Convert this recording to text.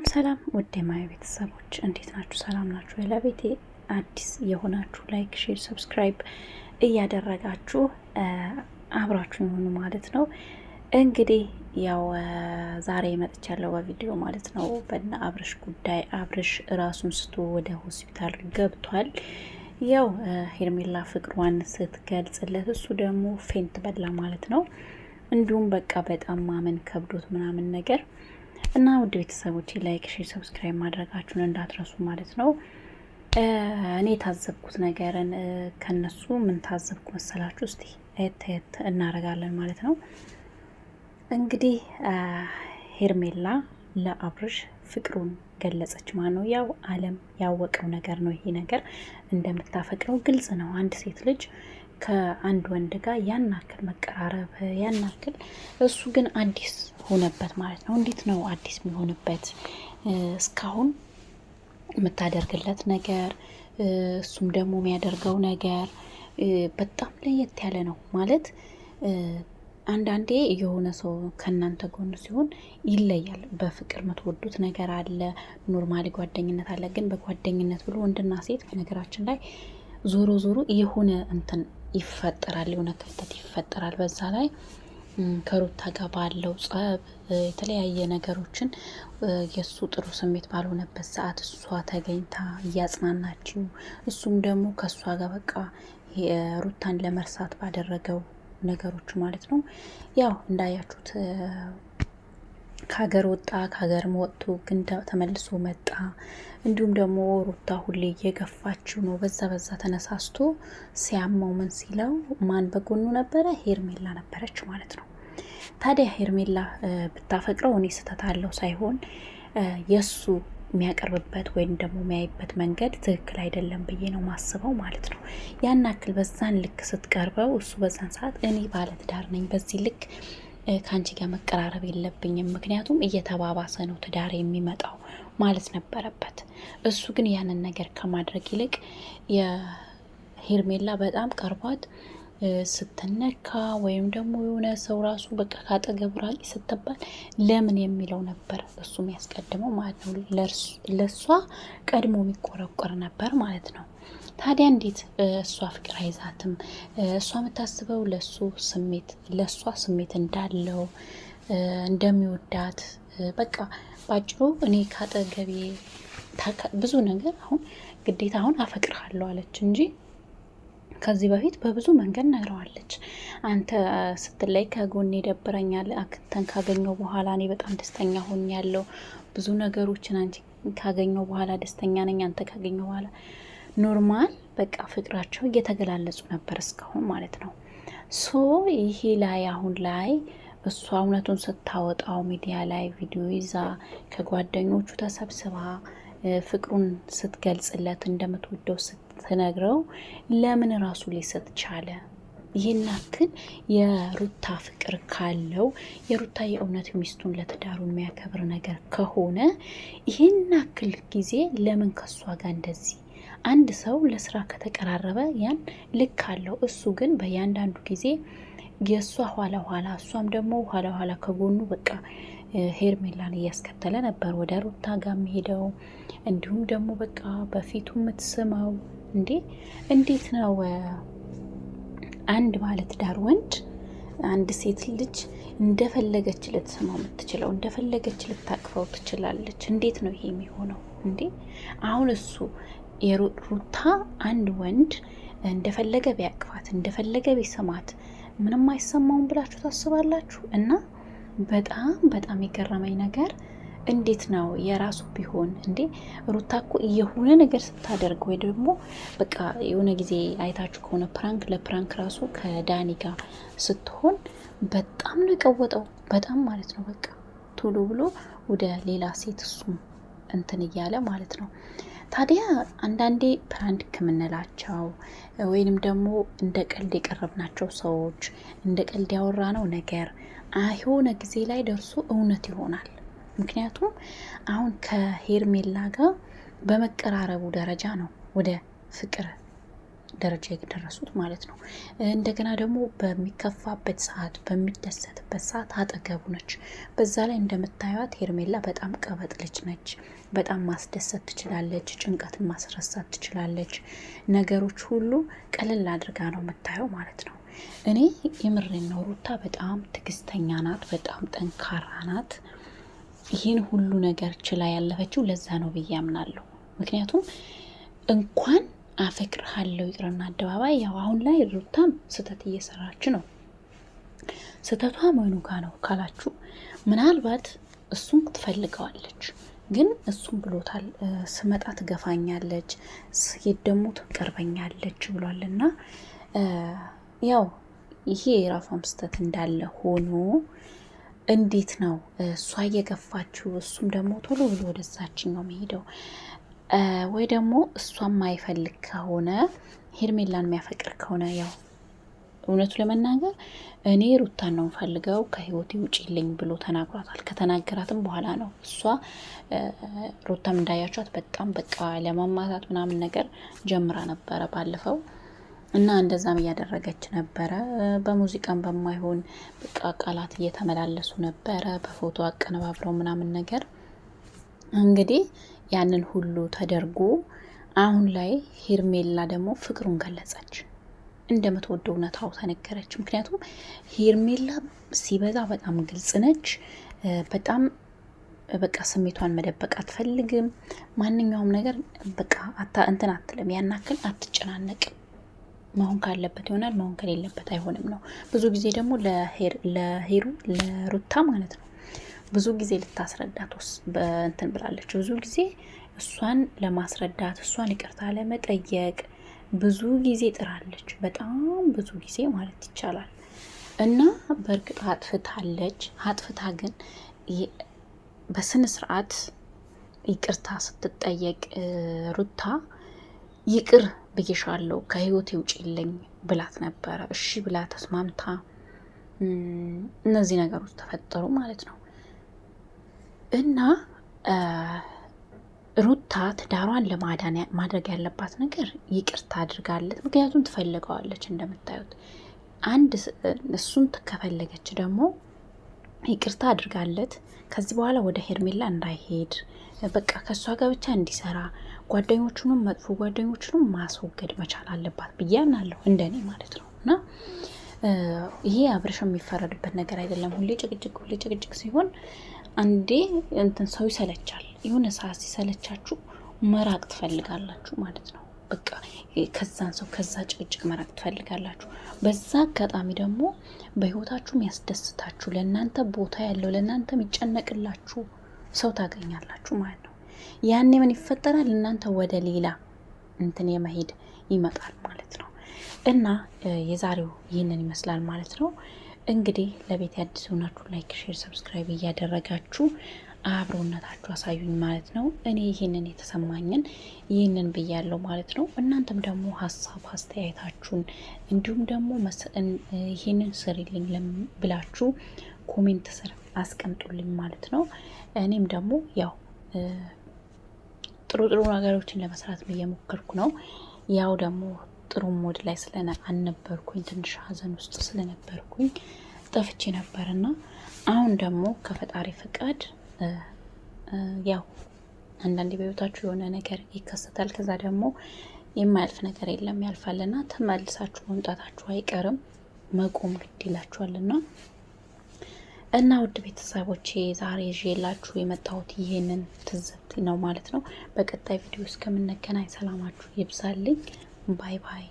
ሰላም ሰላም ውድ የማያ ቤተሰቦች እንዴት ናችሁ? ሰላም ናችሁ? ለቤቴ አዲስ የሆናችሁ ላይክ፣ ሼር፣ ሰብስክራይብ እያደረጋችሁ አብራችሁ የሆኑ ማለት ነው። እንግዲህ ያው ዛሬ መጥቻለሁ በቪዲዮ ማለት ነው በነ አብርሽ ጉዳይ። አብርሽ ራሱን ስቶ ወደ ሆስፒታል ገብቷል። ያው ሄርሜላ ፍቅሯን ስትገልጽለት እሱ ደግሞ ፌንት በላ ማለት ነው። እንዲሁም በቃ በጣም ማመን ከብዶት ምናምን ነገር እና ውድ ቤተሰቦች ላይክ፣ ሼር፣ ሰብስክራይብ ማድረጋችሁን እንዳትረሱ ማለት ነው። እኔ የታዘብኩት ነገርን ከነሱ ምን ታዘብኩ መሰላችሁ? እስቲ አየት አየት እናደርጋለን ማለት ነው። እንግዲህ ሄርሜላ ለአብርሽ ፍቅሩን ገለጸች ማ ነው። ያው አለም ያወቀው ነገር ነው ይሄ ነገር እንደምታፈቅረው ግልጽ ነው። አንድ ሴት ልጅ ከአንድ ወንድ ጋር ያን አክል መቀራረብ ያን አክል እሱ ግን አዲስ ሆነበት ማለት ነው። እንዴት ነው አዲስ የሚሆንበት? እስካሁን የምታደርግለት ነገር እሱም ደግሞ የሚያደርገው ነገር በጣም ለየት ያለ ነው ማለት አንዳንዴ የሆነ ሰው ከእናንተ ጎን ሲሆን ይለያል። በፍቅር የምትወዱት ነገር አለ፣ ኖርማሊ ጓደኝነት አለ። ግን በጓደኝነት ብሎ ወንድና ሴት በነገራችን ላይ ዞሮ ዞሮ የሆነ እንትን ይፈጠራል፣ የሆነ ክፍተት ይፈጠራል። በዛ ላይ ከሩታ ጋር ባለው ጸብ የተለያየ ነገሮችን የእሱ ጥሩ ስሜት ባልሆነበት ሰዓት እሷ ተገኝታ እያጽናናችው፣ እሱም ደግሞ ከእሷ ጋር በቃ ሩታን ለመርሳት ባደረገው ነገሮች ማለት ነው ያው እንዳያችሁት ከሀገር ወጣ፣ ከሀገርም ወጥቶ ግን ተመልሶ መጣ። እንዲሁም ደግሞ ሩታ ሁሌ እየገፋችው ነው። በዛ በዛ ተነሳስቶ ሲያማው ምን ሲለው ማን በጎኑ ነበረ? ሄርሜላ ነበረች ማለት ነው። ታዲያ ሄርሜላ ብታፈቅረው እኔ ስህተት አለው ሳይሆን የእሱ የሚያቀርብበት ወይም ደግሞ የሚያይበት መንገድ ትክክል አይደለም ብዬ ነው ማስበው ማለት ነው። ያን ያክል በዛን ልክ ስትቀርበው እሱ በዛን ሰዓት እኔ ባለትዳር ነኝ በዚህ ልክ ከአንቺ ጋር መቀራረብ የለብኝም ምክንያቱም እየተባባሰ ነው ትዳር የሚመጣው ማለት ነበረበት። እሱ ግን ያንን ነገር ከማድረግ ይልቅ የሄርሜላ በጣም ቀርቧት ስትነካ ወይም ደግሞ የሆነ ሰው ራሱ በቃ ካጠገብ ራቂ ስትባል ለምን የሚለው ነበር እሱ የሚያስቀድመው ማለት ነው። ለእሷ ቀድሞ የሚቆረቆር ነበር ማለት ነው። ታዲያ እንዴት እሷ ፍቅር አይዛትም? እሷ የምታስበው ለሱ ስሜት ለእሷ ስሜት እንዳለው እንደሚወዳት በቃ ባጭሩ እኔ ካጠገቤ ብዙ ነገር አሁን ግዴታ አሁን አፈቅርሃለሁ አለች እንጂ ከዚህ በፊት በብዙ መንገድ ነግረዋለች። አንተ ስትለይ ከጎኔ ይደብረኛል፣ አክተን ካገኘው በኋላ እኔ በጣም ደስተኛ ያለው ብዙ ነገሮችን አንቺ ካገኘው በኋላ ደስተኛ ነኝ፣ አንተ ካገኘው በኋላ ኖርማል። በቃ ፍቅራቸው እየተገላለጹ ነበር እስካሁን ማለት ነው። ሶ ይሄ ላይ አሁን ላይ እሷ እውነቱን ስታወጣው ሚዲያ ላይ ቪዲዮ ይዛ ከጓደኞቹ ተሰብስባ ፍቅሩን ስትገልጽለት እንደምትወደው ስትነግረው ለምን ራሱ ሊሰጥ ቻለ? ይህን ያክል የሩታ ፍቅር ካለው የሩታ የእውነት ሚስቱን ለትዳሩ የሚያከብር ነገር ከሆነ ይህን ያክል ጊዜ ለምን ከሷ ጋር እንደዚህ አንድ ሰው ለስራ ከተቀራረበ ያን ልክ አለው። እሱ ግን በእያንዳንዱ ጊዜ የእሷ ኋላ ኋላ እሷም ደግሞ ኋላ ኋላ ከጎኑ በቃ ሄርሜላን እያስከተለ ነበር ወደ ሩታ ጋር የሚሄደው እንዲሁም ደግሞ በቃ በፊቱ የምትስመው እንዴ እንዴት ነው አንድ ባለትዳር ወንድ አንድ ሴት ልጅ እንደፈለገች ልትስማው የምትችለው እንደፈለገች ልታቅፈው ትችላለች? እንዴት ነው ይሄ የሚሆነው? እንዴ አሁን እሱ የሩታ አንድ ወንድ እንደፈለገ ቢያቅፋት እንደፈለገ ቢስማት ምንም አይሰማውም ብላችሁ ታስባላችሁ? እና በጣም በጣም የገረመኝ ነገር እንዴት ነው የራሱ ቢሆን እንዴ? ሩታ እኮ የሆነ ነገር ስታደርግ ወይ ደግሞ በቃ የሆነ ጊዜ አይታችሁ ከሆነ ፕራንክ ለፕራንክ ራሱ ከዳኒ ጋር ስትሆን በጣም ነው የቀወጠው። በጣም ማለት ነው በቃ ቶሎ ብሎ ወደ ሌላ ሴት እሱም እንትን እያለ ማለት ነው። ታዲያ አንዳንዴ ፕራንክ የምንላቸው ወይንም ደግሞ እንደ ቀልድ የቀረብናቸው ሰዎች እንደ ቀልድ ነው ነገር የሆነ ጊዜ ላይ ደርሶ እውነት ይሆናል። ምክንያቱም አሁን ከሄርሜላ ጋር በመቀራረቡ ደረጃ ነው ወደ ፍቅር ደረጃ የደረሱት ማለት ነው። እንደገና ደግሞ በሚከፋበት ሰዓት፣ በሚደሰትበት ሰዓት አጠገቡ ነች። በዛ ላይ እንደምታዩት ሄርሜላ በጣም ቀበጥ ልጅ ነች። በጣም ማስደሰት ትችላለች። ጭንቀትን ማስረሳት ትችላለች። ነገሮች ሁሉ ቀለል አድርጋ ነው የምታየው ማለት ነው። እኔ የምሬን ነው ሩታ በጣም ትዕግስተኛ ናት። በጣም ጠንካራ ናት። ይህን ሁሉ ነገር ችላ ያለፈችው ለዛ ነው ብዬ አምናለሁ። ምክንያቱም እንኳን አፈቅርሃለሁ ይቅርና አደባባይ ያው አሁን ላይ ሩታም ስህተት እየሰራች ነው። ስህተቷ መሆኑ ጋ ነው ካላችሁ ምናልባት እሱን ትፈልገዋለች፣ ግን እሱም ብሎታል። ስመጣ ትገፋኛለች፣ ስሄድ ደግሞ ትቀርበኛለች ብሏል እና ያው ይሄ የራሷም ስህተት እንዳለ ሆኖ እንዴት ነው እሷ እየገፋችው እሱም ደግሞ ቶሎ ብሎ ወደዛችኛው መሄደው ወይ ደግሞ እሷም ማይፈልግ ከሆነ ሄርሜላን የሚያፈቅር ከሆነ ያው እውነቱ ለመናገር እኔ ሩታን ነው ፈልገው ከህይወቴ ልኝ ብሎ ተናግሯታል። ከተናገራትም በኋላ ነው እሷ ሩታም እንዳያቸት በጣም በቃ ለማማታት ምናምን ነገር ጀምራ ነበረ ባለፈው እና እንደዛም እያደረገች ነበረ። በሙዚቃም በማይሆን በቃ ቃላት እየተመላለሱ ነበረ፣ በፎቶ አቀነባብረው ምናምን ነገር እንግዲህ ያንን ሁሉ ተደርጎ አሁን ላይ ሄርሜላ ደግሞ ፍቅሩን ገለጸች። እንደምትወደው እውነታው ተነገረች። ምክንያቱም ሄርሜላ ሲበዛ በጣም ግልጽ ነች። በጣም በቃ ስሜቷን መደበቅ አትፈልግም። ማንኛውም ነገር በቃ እንትን አትልም። ያናክል አትጨናነቅም። መሆን ካለበት ይሆናል፣ መሆን ከሌለበት አይሆንም ነው። ብዙ ጊዜ ደግሞ ለሄሩ ለሩታ ማለት ነው ብዙ ጊዜ ልታስረዳት እንትን ብላለች። ብዙ ጊዜ እሷን ለማስረዳት እሷን ይቅርታ ለመጠየቅ ብዙ ጊዜ ጥራለች። በጣም ብዙ ጊዜ ማለት ይቻላል። እና በእርግጥ አጥፍታለች። አጥፍታ ግን በስነ ስርዓት ይቅርታ ስትጠየቅ ሩታ ይቅር ብዬሻለሁ ከህይወቴ ውጪልኝ ብላት ነበረ። እሺ ብላ ተስማምታ እነዚህ ነገሮች ተፈጠሩ ማለት ነው። እና ሩታ ትዳሯን ለማዳን ማድረግ ያለባት ነገር ይቅርታ አድርጋለት፣ ምክንያቱም ትፈልገዋለች እንደምታዩት። አንድ እሱን ከፈለገች ደግሞ ይቅርታ አድርጋለት ከዚህ በኋላ ወደ ሄርሜላ እንዳይሄድ በቃ ከእሷ ጋር ብቻ እንዲሰራ ጓደኞቹንም መጥፎ ጓደኞቹንም ማስወገድ መቻል አለባት ብዬ አምናለሁ፣ እንደኔ ማለት ነው። እና ይሄ አብረሻ የሚፈረድበት ነገር አይደለም። ሁሌ ጭቅጭቅ፣ ሁሌ ጭቅጭቅ ሲሆን አንዴ እንትን ሰው ይሰለቻል። የሆነ ሰዓት ሲሰለቻችሁ መራቅ ትፈልጋላችሁ ማለት ነው። በቃ ከዛን ሰው ከዛ ጭቅጭቅ መራቅ ትፈልጋላችሁ። በዛ አጋጣሚ ደግሞ በህይወታችሁ የሚያስደስታችሁ ለእናንተ ቦታ ያለው ለእናንተ የሚጨነቅላችሁ ሰው ታገኛላችሁ ማለት ነው። ያኔ ምን ይፈጠራል? እናንተ ወደ ሌላ እንትን የመሄድ ይመጣል ማለት ነው። እና የዛሬው ይህንን ይመስላል ማለት ነው። እንግዲህ ለቤት አዲስ ሆናችሁ ላይክ፣ ሼር፣ ሰብስክራይብ እያደረጋችሁ አብሮነታችሁ አሳዩኝ ማለት ነው። እኔ ይህንን የተሰማኝን ይህንን ብያለው ማለት ነው። እናንተም ደግሞ ሀሳብ አስተያየታችሁን እንዲሁም ደግሞ ይህንን ስሪልኝ ብላችሁ ኮሜንት ስር አስቀምጡልኝ ማለት ነው። እኔም ደግሞ ያው ጥሩ ጥሩ ነገሮችን ለመስራት እየሞከርኩ ነው። ያው ደግሞ ጥሩ ሞድ ላይ ስለነ አልነበርኩኝ ትንሽ ሀዘን ውስጥ ስለነበርኩኝ ጠፍቼ ነበር እና አሁን ደግሞ ከፈጣሪ ፍቃድ ያው አንዳንዴ በህይወታችሁ የሆነ ነገር ይከሰታል። ከዛ ደግሞ የማያልፍ ነገር የለም ያልፋልና ተመልሳችሁ መምጣታችሁ አይቀርም። መቆም ግድ ይላችኋልና እና ውድ ቤተሰቦቼ ዛሬ ይዤላችሁ የመጣሁት ይህንን ትዝብት ነው ማለት ነው። በቀጣይ ቪዲዮ እስከምንገናኝ ሰላማችሁ ይብዛልኝ። ባይ ባይ።